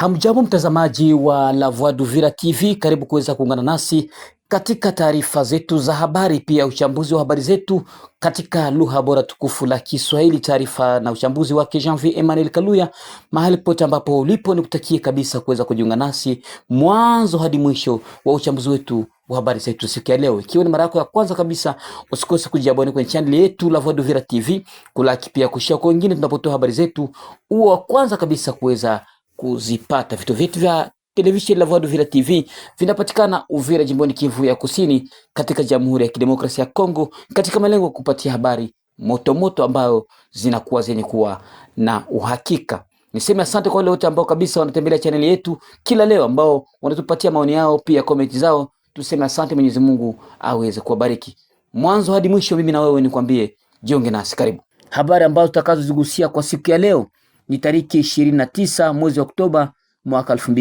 Hamjambo mtazamaji wa La Voix d'Uvira TV, karibu kuweza kuungana nasi katika taarifa zetu za habari, pia uchambuzi wa habari zetu katika lugha bora tukufu la Kiswahili. Taarifa na uchambuzi wake Janvier Emmanuel Kaluya. Mahali pote ambapo ulipo, nikutakie kabisa kuweza kujiunga nasi mwanzo hadi mwisho wa uchambuzi wetu wa habari zetu siku ya leo. Ikiwa ni mara yako ya kwanza kabisa, usikose kujiabone kwenye channel yetu La Voix d'Uvira TV, kulaki pia kushia kwa wengine tunapotoa habari zetu, uwe wa kwanza kabisa kuweza kuzipata. Vituo vyetu vya televisheni la Voix d'Uvira TV vinapatikana Uvira, jimboni Kivu ya Kusini, katika Jamhuri ya Kidemokrasia ya Kongo, katika malengo ya kupatia habari moto moto ambayo zinakuwa zenye kuwa na uhakika. Niseme asante kwa wale wote ambao kabisa wanatembelea chaneli yetu kila leo, ambao wanatupatia maoni yao pia komenti zao. Tuseme asante, Mwenyezi Mungu aweze kuwabariki mwanzo hadi mwisho. Mimi na wewe nikwambie, jiunge nasi, karibu habari ambazo tutakazozigusia kwa siku ya leo ni tariki ishirini na tisa mwezi wa Oktoba mwaka elfu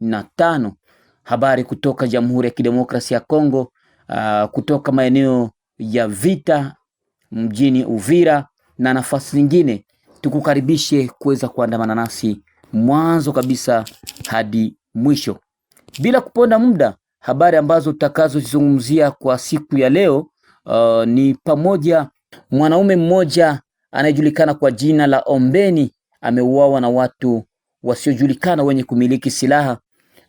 na tano. Habari kutoka Jamhuri ya Kidemokrasia ya Kongo, uh, kutoka maeneo ya vita mjini Uvira na nafasi zingine, tukukaribishe kuweza kuandamana nasi mwanzo kabisa hadi mwisho bila kuponda muda. Habari ambazo tutakazozizungumzia kwa siku ya leo uh, ni pamoja mwanaume mmoja anayejulikana kwa jina la Ombeni ameuawa na watu wasiojulikana wenye kumiliki silaha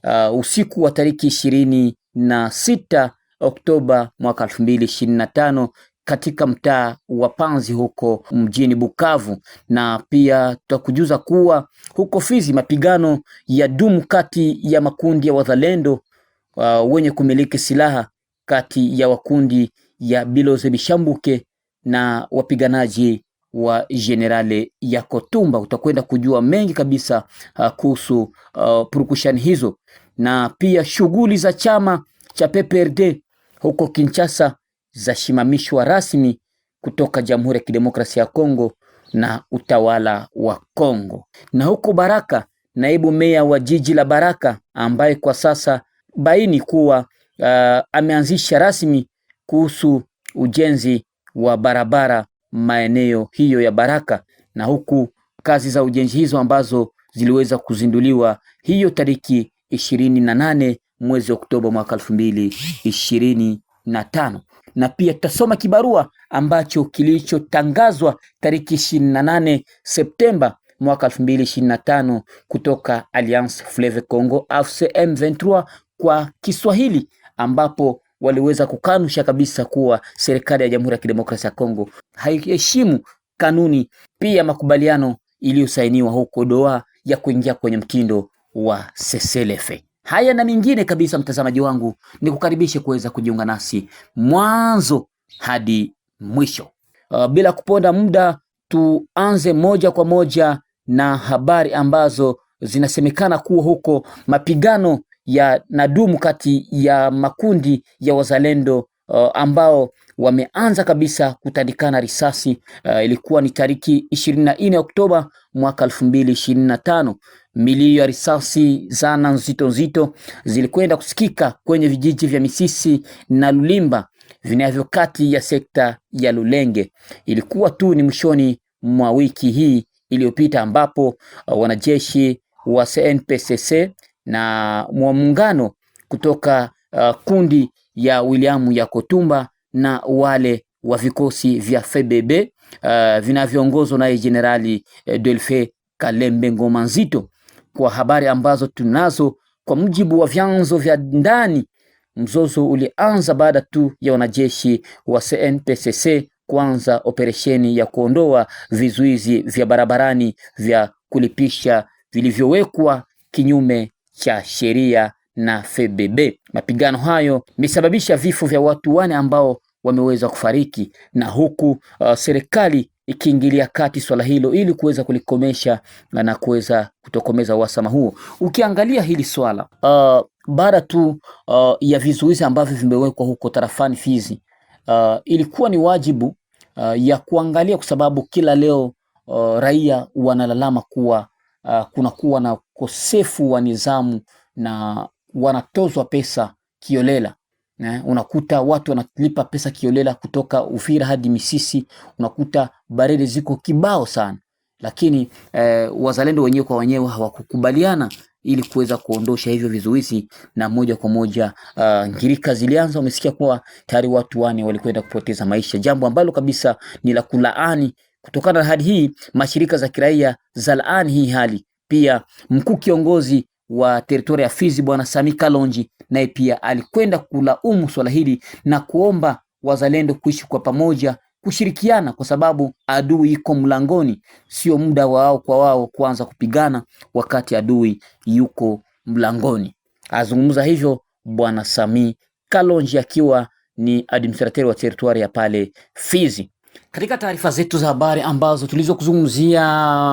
uh, usiku wa tariki ishirini na sita Oktoba mwaka tano katika mtaa wa Panzi huko mjini Bukavu. Na pia tutakujuza kuwa huko Fizi mapigano ya dumu kati ya makundi ya wazalendo uh, wenye kumiliki silaha kati ya wakundi ya Biloze Bishambuke na wapiganaji wa Jenerali Yakotumba. Utakwenda kujua mengi kabisa uh, kuhusu uh, purukushani hizo na pia shughuli za chama cha PPRD huko Kinshasa zashimamishwa rasmi kutoka Jamhuri ya Kidemokrasia ya Kongo na utawala wa Kongo. Na huko Baraka, naibu meya wa jiji la Baraka ambaye kwa sasa baini kuwa uh, ameanzisha rasmi kuhusu ujenzi wa barabara maeneo hiyo ya Baraka, na huku kazi za ujenzi hizo ambazo ziliweza kuzinduliwa hiyo tariki ishirini na nane mwezi Oktoba mwaka elfu mbili ishirini na tano na pia tutasoma kibarua ambacho kilichotangazwa tariki ishirini na nane Septemba mwaka elfu mbili ishirini na tano kutoka Alliance Fleuve Congo AFC M23 kwa Kiswahili ambapo waliweza kukanusha kabisa kuwa serikali ya Jamhuri ya Kidemokrasia ya Kongo haiheshimu kanuni pia makubaliano iliyosainiwa huko Doha ya kuingia kwenye mtindo wa seselefe. Haya na mingine kabisa, mtazamaji wangu, ni kukaribishe kuweza kujiunga nasi mwanzo hadi mwisho. Uh, bila kuponda muda, tuanze moja kwa moja na habari ambazo zinasemekana kuwa huko mapigano nadumu kati ya makundi ya wazalendo uh, ambao wameanza kabisa kutandikana risasi uh, ilikuwa ni tariki 24 Oktoba mwaka 2025. Milio ya risasi zana nzito nzito zilikwenda kusikika kwenye vijiji vya Misisi na Lulimba vinavyo kati ya sekta ya Lulenge. Ilikuwa tu ni mwishoni mwa wiki hii iliyopita ambapo uh, wanajeshi wa CNPSC na mwa muungano kutoka uh, kundi ya William ya Kotumba na wale wa vikosi vya FBB uh, vinavyoongozwa naye Jenerali eh, Delfe Kalembe Ngoma Nzito. Kwa habari ambazo tunazo kwa mujibu wa vyanzo vya ndani, mzozo ulianza baada tu ya wanajeshi wa CNPSC kuanza operesheni ya kuondoa vizuizi vya barabarani vya kulipisha vilivyowekwa kinyume cha sheria na FBB. Mapigano hayo imesababisha vifo vya watu wane ambao wameweza kufariki na huku uh, serikali ikiingilia kati swala hilo ili kuweza kulikomesha na kuweza kutokomeza uhasama huo. Ukiangalia hili swala uh, baada tu uh, ya vizuizi ambavyo vimewekwa huko tarafani Fizi uh, ilikuwa ni wajibu uh, ya kuangalia kwa sababu kila leo uh, raia wanalalama kuwa uh, kunakuwa na ukosefu wa nidhamu na wanatozwa pesa kiolela ne? Eh, unakuta watu wanalipa pesa kiolela kutoka Uvira hadi Misisi, unakuta barele ziko kibao sana, lakini eh, wazalendo wenyewe kwa wenyewe hawakukubaliana ili kuweza kuondosha hivyo vizuizi na moja kwa moja uh, ngirika zilianza. Umesikia kuwa tayari watu wane walikwenda kupoteza maisha, jambo ambalo kabisa ni la kulaani. Kutokana na hali hii, mashirika za kiraia za hii hali. Pia mkuu kiongozi wa teritoria ya Fizi Bwana Sami Kalonji naye pia alikwenda kulaumu swala hili na kuomba wazalendo kuishi kwa pamoja, kushirikiana, kwa sababu adui iko mlangoni. Sio muda wao kwa wao kuanza kupigana wakati adui yuko mlangoni. Azungumza hivyo Bwana Sami Kalonji akiwa ni administrateur wa teritoria ya pale Fizi. Katika taarifa zetu za habari ambazo tulizokuzungumzia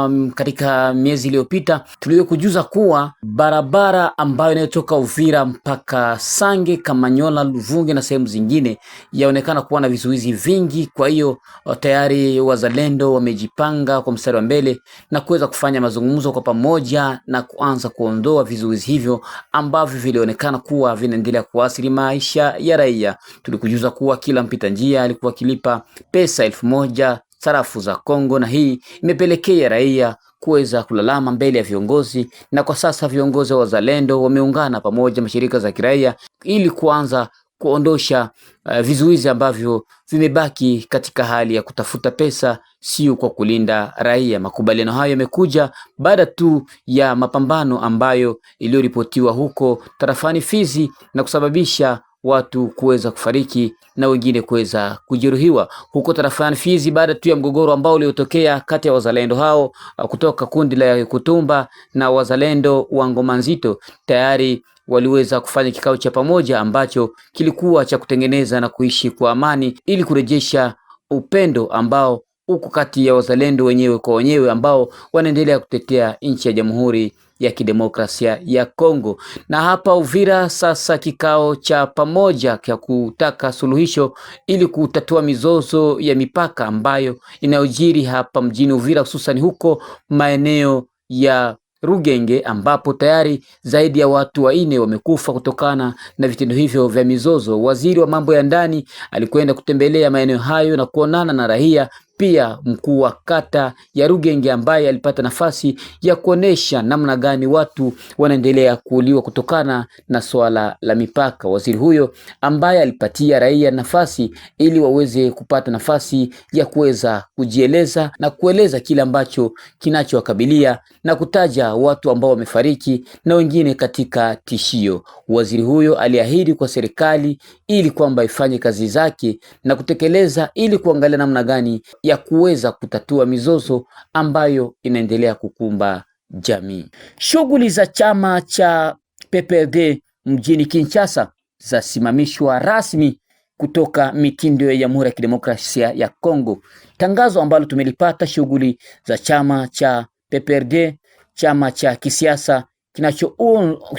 mm, katika miezi iliyopita, tuliyokujuza kuwa barabara ambayo inayotoka Uvira mpaka Sange, Kamanyola, Luvunge na sehemu zingine yaonekana kuwa na vizuizi vingi. Kwa hiyo uh, tayari wazalendo wamejipanga kwa mstari wa mbele na kuweza kufanya mazungumzo kwa pamoja na kuanza kuondoa vizuizi hivyo ambavyo vilionekana kuwa vinaendelea kuathiri maisha ya raia. Tulikujuza kuwa kila mpita njia alikuwa akilipa pesa elfu moja sarafu za Kongo, na hii imepelekea raia kuweza kulalama mbele ya viongozi. Na kwa sasa viongozi wa wazalendo wameungana pamoja, mashirika za kiraia ili kuanza kuondosha uh, vizuizi ambavyo vimebaki katika hali ya kutafuta pesa, sio kwa kulinda raia. Makubaliano hayo yamekuja baada tu ya mapambano ambayo iliyoripotiwa huko tarafani Fizi na kusababisha watu kuweza kufariki na wengine kuweza kujeruhiwa huko tarafani Fizi baada tu ya mgogoro ambao uliotokea kati ya wazalendo hao uh, kutoka kundi la Kutumba na wazalendo wa Ngoma Nzito tayari waliweza kufanya kikao cha pamoja ambacho kilikuwa cha kutengeneza na kuishi kwa amani ili kurejesha upendo ambao uko kati ya wazalendo wenyewe kwa wenyewe ambao wanaendelea kutetea nchi ya Jamhuri ya Kidemokrasia ya Kongo. Na hapa Uvira sasa kikao cha pamoja cha kutaka suluhisho ili kutatua mizozo ya mipaka ambayo inayojiri hapa mjini Uvira, hususan huko maeneo ya Rugenge ambapo tayari zaidi ya watu wanne wamekufa kutokana na vitendo hivyo vya mizozo. Waziri wa mambo ya ndani alikwenda kutembelea maeneo hayo na kuonana na raia pia mkuu wa kata ya Rugenge ambaye alipata nafasi ya kuonesha namna gani watu wanaendelea kuuliwa kutokana na swala la mipaka. Waziri huyo ambaye alipatia raia nafasi ili waweze kupata nafasi ya kuweza kujieleza na kueleza kile ambacho kinachowakabilia na kutaja watu ambao wamefariki na wengine katika tishio. Waziri huyo aliahidi kwa serikali ili kwamba ifanye kazi zake na kutekeleza ili kuangalia namna gani ya kuweza kutatua mizozo ambayo inaendelea kukumba jamii. Shughuli za chama cha PPRD mjini Kinshasa zasimamishwa rasmi kutoka mitindo ya Jamhuri ya Kidemokrasia ya Kongo. Tangazo ambalo tumelipata, shughuli za chama cha PPRD, chama cha kisiasa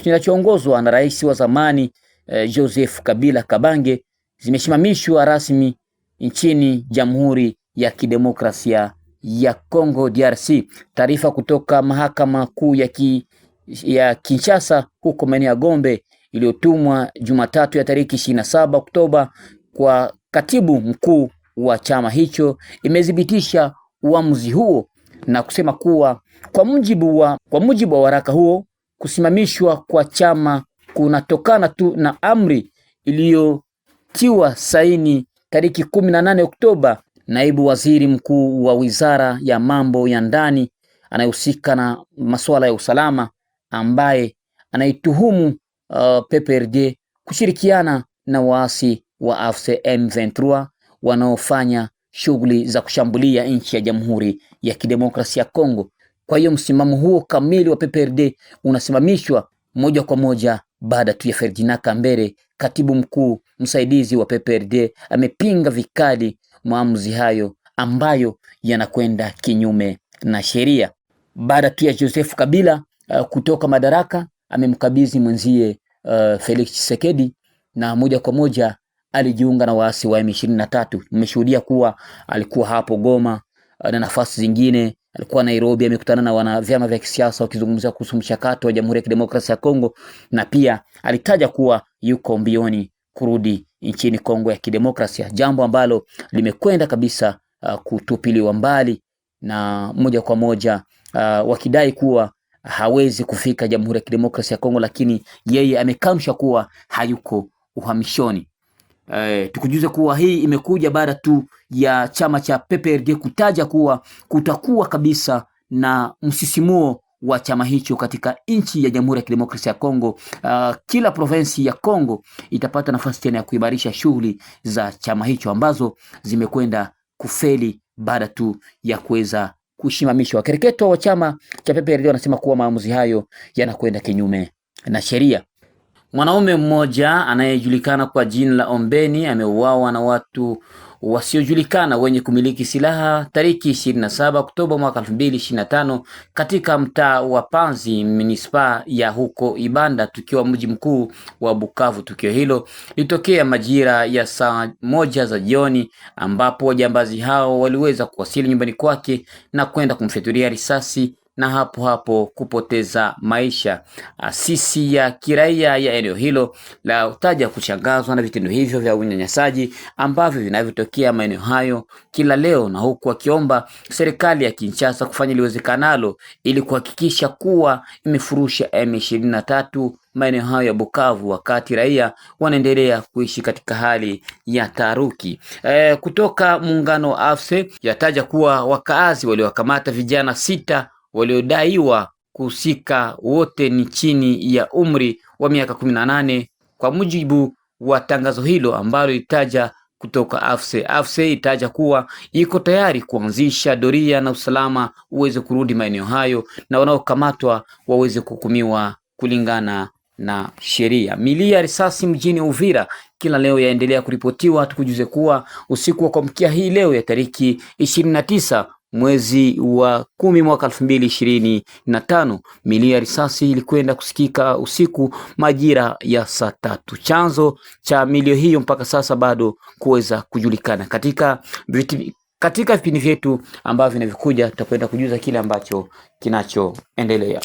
kinachoongozwa na rais wa zamani eh, Joseph Kabila Kabange zimesimamishwa rasmi nchini Jamhuri ya kidemokrasia ya Kongo DRC. Taarifa kutoka mahakama kuu ya, ki, ya Kinshasa huko maeneo ya Gombe iliyotumwa Jumatatu ya tariki 27 Oktoba kwa katibu mkuu wa chama hicho imethibitisha uamuzi huo na kusema kuwa kwa mujibu wa, kwa mujibu wa waraka huo kusimamishwa kwa chama kunatokana tu na amri iliyotiwa saini tariki 18 Oktoba naibu waziri mkuu wa wizara ya mambo ya ndani anayehusika na masuala ya usalama ambaye anaituhumu uh, PPRD kushirikiana na waasi wa AFC M23 wanaofanya shughuli za kushambulia nchi ya Jamhuri ya Kidemokrasia ya Kongo. Kwa hiyo msimamo huo kamili wa PPRD unasimamishwa moja kwa moja baada tu ya Ferdinand Kambere, katibu mkuu msaidizi wa PPRD, amepinga vikali maamuzi hayo ambayo yanakwenda kinyume na sheria. Baada tu ya Joseph Kabila uh, kutoka madaraka, amemkabidhi mwenzie uh, Felix Tshisekedi na moja kwa moja alijiunga na waasi wa M23. Nimeshuhudia kuwa alikuwa hapo Goma uh, na nafasi zingine, alikuwa Nairobi, amekutana na wana vyama vya kisiasa wakizungumzia kuhusu mchakato wa Jamhuri ya Kidemokrasia ya Kongo, na pia alitaja kuwa yuko mbioni kurudi nchini Kongo ya Kidemokrasia, jambo ambalo limekwenda kabisa uh, kutupiliwa mbali na moja kwa moja uh, wakidai kuwa hawezi kufika Jamhuri ya Kidemokrasia ya Kongo, lakini yeye amekamsha kuwa hayuko uhamishoni. E, tukujuze kuwa hii imekuja baada tu ya chama cha PPRD kutaja kuwa kutakuwa kabisa na msisimuo wa chama hicho katika nchi ya Jamhuri ya Kidemokrasia ya Kongo. Uh, kila provinsi ya Kongo itapata nafasi tena ya kuimarisha shughuli za chama hicho ambazo zimekwenda kufeli baada tu ya kuweza kushimamishwa. Wakereketo wa chama cha PPRD wanasema kuwa maamuzi hayo yanakwenda kinyume na sheria. Mwanaume mmoja anayejulikana kwa jina la Ombeni ameuawa na watu wasiojulikana wenye kumiliki silaha tariki 27 Oktoba mwaka 2025 katika mtaa wa Panzi munisipa ya huko Ibanda, tukiwa mji mkuu wa Bukavu. Tukio hilo lilitokea majira ya saa moja za jioni, ambapo wajambazi hao waliweza kuwasili nyumbani kwake na kwenda kumfyatulia risasi na hapo hapo kupoteza maisha. Asisi ah, ya kiraia ya eneo hilo la utaja kushangazwa na vitendo hivyo vya unyanyasaji ambavyo vinavyotokea maeneo hayo kila leo, na huku akiomba serikali ya Kinshasa kufanya liwezekanalo ili kuhakikisha kuwa imefurusha M23 maeneo hayo ya Bukavu wakati raia wanaendelea kuishi katika hali ya taharuki. E, kutoka muungano wa AFSE yataja kuwa wakaazi waliowakamata vijana sita waliodaiwa kuhusika wote ni chini ya umri wa miaka kumi na nane kwa mujibu wa tangazo hilo ambalo itaja kutoka AFSE. AFSE itaja kuwa iko tayari kuanzisha doria na usalama uweze kurudi maeneo hayo na wanaokamatwa waweze kuhukumiwa kulingana na sheria. Milio ya risasi mjini Uvira kila leo yaendelea kuripotiwa. Tukujuze kuwa usiku wa kuamkia hii leo ya tariki ishirini na tisa mwezi wa kumi mwaka elfu mbili ishirini na tano. Milio ya risasi ilikwenda kusikika usiku majira ya saa tatu. Chanzo cha milio hiyo mpaka sasa bado kuweza kujulikana. Katika katika vipindi vyetu ambavyo vinavyokuja tutakwenda kujuza kile ambacho kinachoendelea.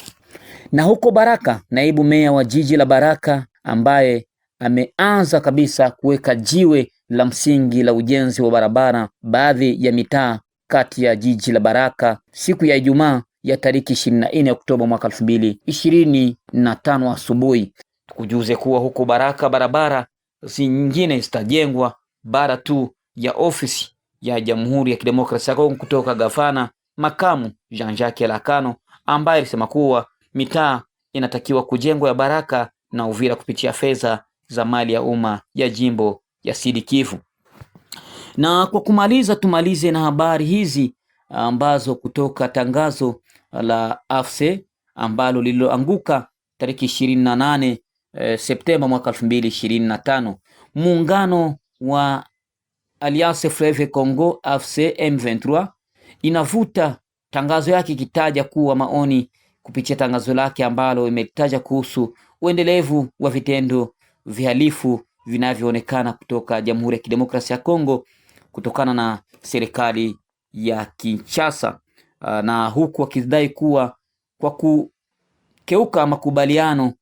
Na huko Baraka, naibu meya wa jiji la Baraka ambaye ameanza kabisa kuweka jiwe la msingi la ujenzi wa barabara baadhi ya mitaa kati ya jiji la Baraka siku ya Ijumaa ya tariki 24 Oktoba mwaka 2025 asubuhi. Tukujuze kuwa huko Baraka barabara zingine zitajengwa bara tu ya ofisi ya Jamhuri ya Kidemokrasia ya Kongo kutoka gavana makamu Jean-Jacques Elakano ambaye alisema kuwa mitaa inatakiwa kujengwa ya Baraka na Uvira kupitia fedha za mali ya umma ya jimbo ya Sud Kivu. Na kwa kumaliza, tumalize na habari hizi ah, ambazo kutoka tangazo ah, la AFSE ambalo lililoanguka tariki ishirini na nane e, Septemba mwaka 2025 ishirini na tano. Muungano wa Alliance Fleuve Congo AFSE M23 inavuta tangazo yake ikitaja kuwa maoni kupitia tangazo lake ambalo imetaja kuhusu uendelevu wa vitendo vihalifu vinavyoonekana kutoka Jamhuri ya Kidemokrasia ya Kongo kutokana na serikali ya Kinshasa ah, na huku akidai kuwa kwa kukeuka makubaliano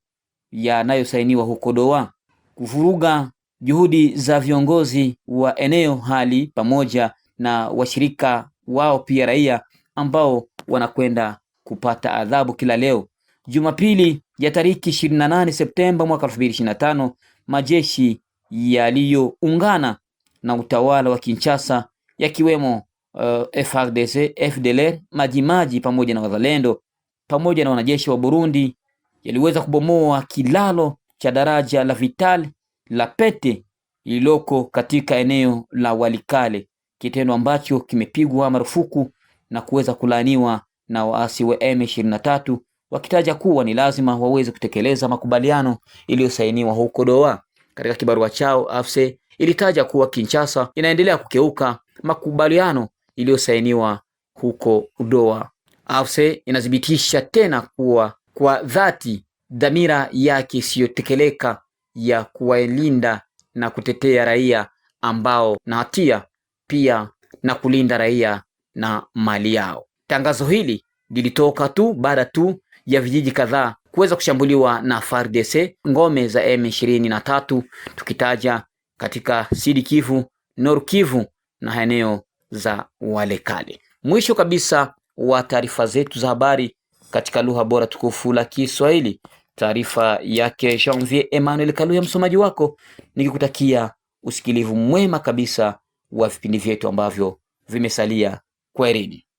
yanayosainiwa huko Doha, kuvuruga juhudi za viongozi wa eneo hali pamoja na washirika wao pia raia ambao wanakwenda kupata adhabu kila leo. Jumapili ya tariki 28 Septemba mwaka 2025 majeshi yaliyoungana na utawala wa Kinshasa yakiwemo uh, FRDC, FDLR, Majimaji pamoja na Wazalendo pamoja na wanajeshi wa Burundi yaliweza kubomoa kilalo cha daraja la Vital la Pete lililoko katika eneo la Walikale, kitendo ambacho kimepigwa marufuku na kuweza kulaaniwa na waasi wa M23 wakitaja kuwa ni lazima waweze kutekeleza makubaliano iliyosainiwa huko Doha. Katika kibarua chao afse ilitaja kuwa Kinshasa inaendelea kukeuka makubaliano iliyosainiwa huko Doha. AFC inathibitisha tena kuwa kwa dhati dhamira yake isiyotekeleka ya kuwalinda na kutetea raia ambao na hatia pia na kulinda raia na mali yao. Tangazo hili lilitoka tu baada tu ya vijiji kadhaa kuweza kushambuliwa na FARDC, ngome za M23, tukitaja katika Sidi Kivu, nor Kivu na eneo za walekale Mwisho kabisa wa taarifa zetu za habari katika lugha bora tukufu la Kiswahili, taarifa yake Janvier Emmanuel Kaluya, msomaji wako, nikikutakia usikilivu mwema kabisa wa vipindi vyetu ambavyo vimesalia. Kwaherini.